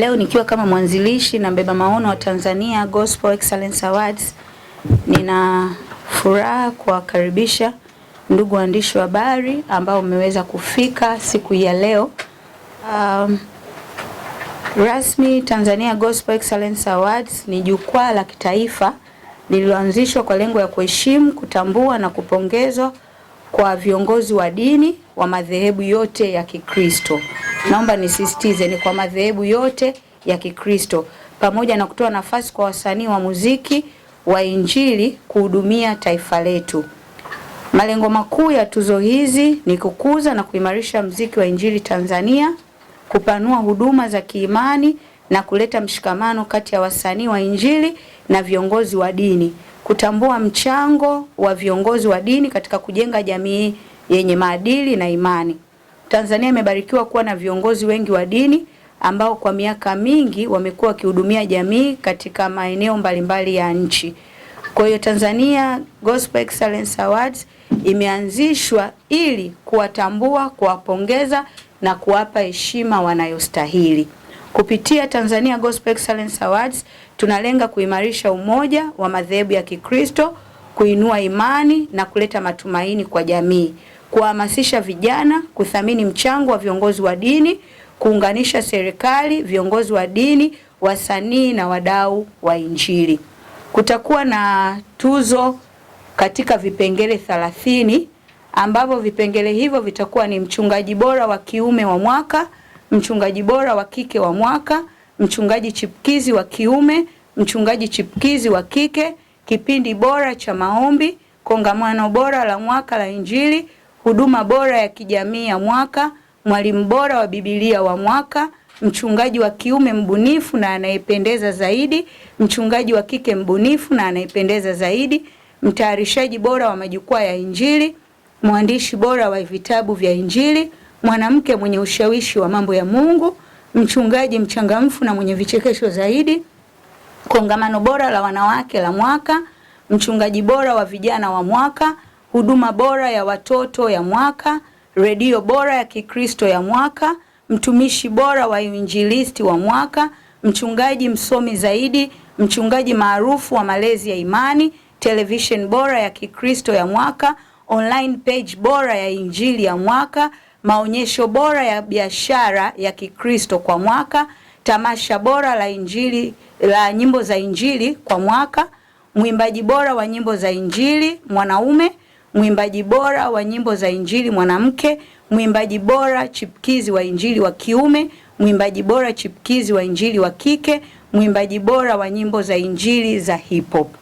Leo nikiwa kama mwanzilishi na mbeba maono wa Tanzania Gospel Excellence Awards, nina furaha kuwakaribisha ndugu waandishi wa habari ambao mmeweza kufika siku ya leo. Um, rasmi Tanzania Gospel Excellence Awards ni jukwaa la kitaifa lililoanzishwa kwa lengo ya kuheshimu, kutambua na kupongezwa kwa viongozi wa dini wa madhehebu yote ya Kikristo. Naomba nisisitize ni kwa madhehebu yote ya Kikristo, pamoja na kutoa nafasi kwa wasanii wa muziki wa injili kuhudumia taifa letu. Malengo makuu ya tuzo hizi ni kukuza na kuimarisha mziki wa injili Tanzania, kupanua huduma za kiimani na kuleta mshikamano kati ya wasanii wa injili na viongozi wa dini kutambua mchango wa viongozi wa dini katika kujenga jamii yenye maadili na imani. Tanzania imebarikiwa kuwa na viongozi wengi wa dini ambao kwa miaka mingi wamekuwa wakihudumia jamii katika maeneo mbalimbali ya nchi. Kwa hiyo Tanzania Gospel Excellence Awards imeanzishwa ili kuwatambua, kuwapongeza na kuwapa heshima wanayostahili. Kupitia Tanzania Gospel Excellence Awards tunalenga kuimarisha umoja wa madhehebu ya Kikristo, kuinua imani na kuleta matumaini kwa jamii, kuhamasisha vijana kuthamini mchango wa viongozi wa dini, kuunganisha serikali, viongozi wa dini, wasanii na wadau wa Injili. Kutakuwa na tuzo katika vipengele thelathini ambavyo vipengele hivyo vitakuwa ni mchungaji bora wa kiume wa mwaka mchungaji bora wa kike wa mwaka, mchungaji chipkizi wa kiume, mchungaji chipkizi wa kike, kipindi bora cha maombi, kongamano bora la mwaka la Injili, huduma bora ya kijamii ya mwaka, mwalimu bora wa Biblia wa mwaka, mchungaji wa kiume mbunifu na anayependeza zaidi, mchungaji wa kike mbunifu na anayependeza zaidi, mtayarishaji bora wa majukwaa ya Injili, mwandishi bora wa vitabu vya Injili mwanamke mwenye ushawishi wa mambo ya Mungu, mchungaji mchangamfu na mwenye vichekesho zaidi, kongamano bora la wanawake la mwaka, mchungaji bora wa vijana wa mwaka, huduma bora ya watoto ya mwaka, redio bora ya Kikristo ya mwaka, mtumishi bora wa uinjilisti wa mwaka, mchungaji msomi zaidi, mchungaji maarufu wa malezi ya imani, television bora ya Kikristo ya mwaka, online page bora ya injili ya mwaka maonyesho bora ya biashara ya Kikristo kwa mwaka, tamasha bora la injili la nyimbo za injili kwa mwaka, mwimbaji bora wa nyimbo za injili mwanaume, mwimbaji bora wa nyimbo za injili mwanamke, mwimbaji bora chipkizi wa injili wa kiume, mwimbaji bora chipkizi wa injili wa kike, mwimbaji bora wa nyimbo za injili za hip hop.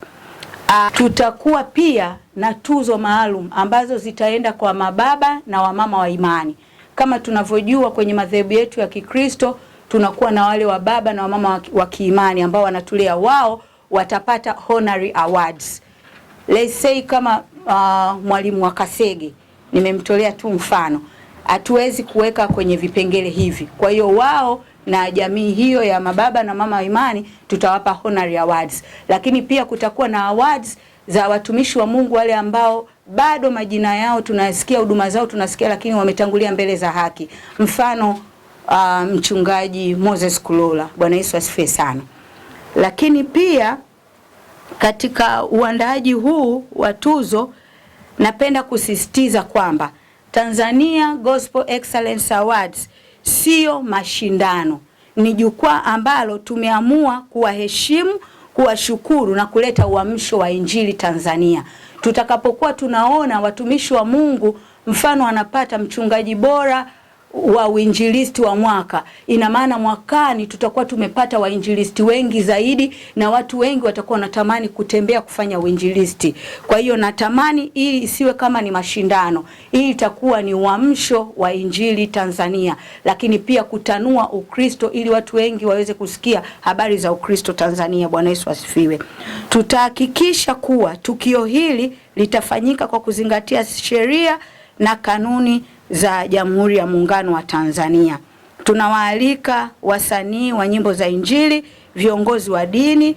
Ah, tutakuwa pia na tuzo maalum ambazo zitaenda kwa mababa na wamama wa imani. Kama tunavyojua kwenye madhehebu yetu ya Kikristo tunakuwa na wale wa baba na wamama wa kiimani ambao wanatulea, wao watapata honorary awards. Let's say kama uh, mwalimu wa Kasege nimemtolea tu mfano, hatuwezi kuweka kwenye vipengele hivi, kwa hiyo wao na jamii hiyo ya mababa na mama wa imani tutawapa honorary awards, lakini pia kutakuwa na awards za watumishi wa Mungu wale ambao bado majina yao tunasikia, huduma zao tunasikia, lakini wametangulia mbele za haki. Mfano uh, mchungaji Moses Kulola. Bwana Yesu asifiwe sana. Lakini pia katika uandaaji huu wa tuzo napenda kusisitiza kwamba Tanzania Gospel Excellence Awards sio mashindano, ni jukwaa ambalo tumeamua kuwaheshimu, kuwashukuru na kuleta uamsho wa injili Tanzania. Tutakapokuwa tunaona watumishi wa Mungu mfano anapata mchungaji bora wa uinjilisti wa mwaka. Ina maana mwakani tutakuwa tumepata wainjilisti wengi zaidi, na watu wengi watakuwa wanatamani kutembea kufanya uinjilisti. Kwa hiyo natamani hii isiwe kama ni mashindano, hii itakuwa ni uamsho wa injili Tanzania, lakini pia kutanua Ukristo ili watu wengi waweze kusikia habari za Ukristo Tanzania. Bwana Yesu asifiwe. Tutahakikisha kuwa tukio hili litafanyika kwa kuzingatia sheria na kanuni za Jamhuri ya Muungano wa Tanzania. Tunawaalika wasanii wa nyimbo za Injili, viongozi wa dini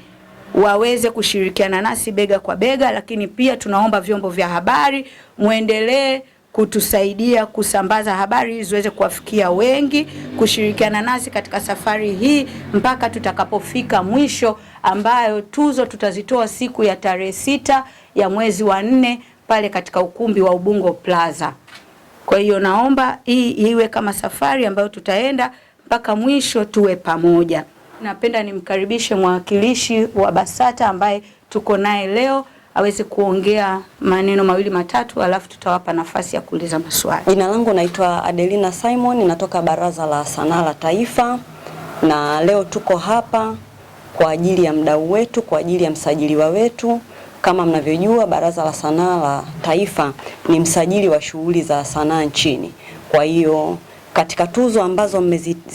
waweze kushirikiana nasi bega kwa bega, lakini pia tunaomba vyombo vya habari muendelee kutusaidia kusambaza habari hizi ziweze kuwafikia wengi, kushirikiana nasi katika safari hii mpaka tutakapofika mwisho, ambayo tuzo tutazitoa siku ya tarehe sita ya mwezi wa nne pale katika ukumbi wa Ubungo Plaza. Kwa hiyo naomba hii iwe kama safari ambayo tutaenda mpaka mwisho, tuwe pamoja. Napenda nimkaribishe mwakilishi wa BASATA ambaye tuko naye leo aweze kuongea maneno mawili matatu, alafu tutawapa nafasi ya kuuliza maswali. Jina langu naitwa Adelina Simon, natoka Baraza la Sanaa la Taifa, na leo tuko hapa kwa ajili ya mdau wetu, kwa ajili ya msajiliwa wetu kama mnavyojua, Baraza la Sanaa la Taifa ni msajili wa shughuli za sanaa nchini. Kwa hiyo katika tuzo ambazo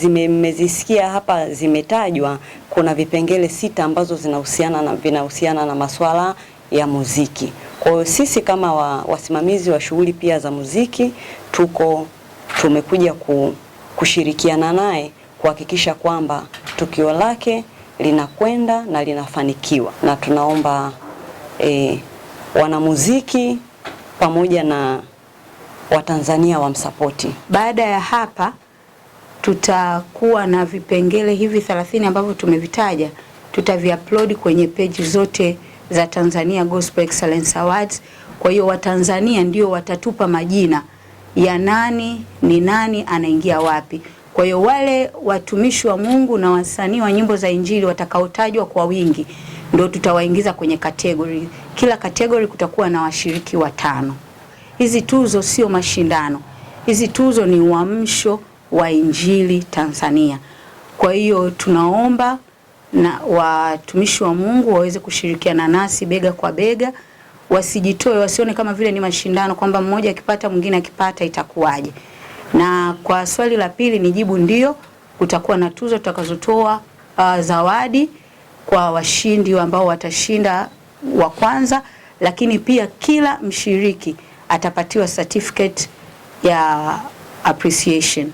mmezisikia hapa zimetajwa, kuna vipengele sita ambazo zinahusiana na vinahusiana na masuala ya muziki. Kwa hiyo sisi kama wa, wasimamizi wa shughuli pia za muziki tuko tumekuja ku, kushirikiana naye kuhakikisha kwamba tukio lake linakwenda na linafanikiwa, na tunaomba e, wanamuziki pamoja na Watanzania wamsapoti. Baada ya hapa tutakuwa na vipengele hivi 30 ambavyo tumevitaja, tutaviupload kwenye peji zote za Tanzania Gospel Excellence Awards. Kwa hiyo Watanzania ndio watatupa majina ya nani ni nani anaingia wapi. Kwa hiyo wale watumishi wa Mungu na wasanii wa nyimbo za Injili watakaotajwa kwa wingi ndo tutawaingiza kwenye kategori. Kila kategori kutakuwa na washiriki watano. Hizi tuzo sio mashindano, hizi tuzo ni uamsho wa injili Tanzania. Kwa hiyo tunaomba na watumishi wa Mungu waweze kushirikiana nasi bega kwa bega, wasijitoe, wasione kama vile ni mashindano kwamba mmoja akipata mwingine akipata itakuwaje. Na kwa swali la pili ni jibu ndio, kutakuwa na tuzo tutakazotoa uh, zawadi kwa washindi ambao watashinda wa kwanza, lakini pia kila mshiriki atapatiwa certificate ya appreciation.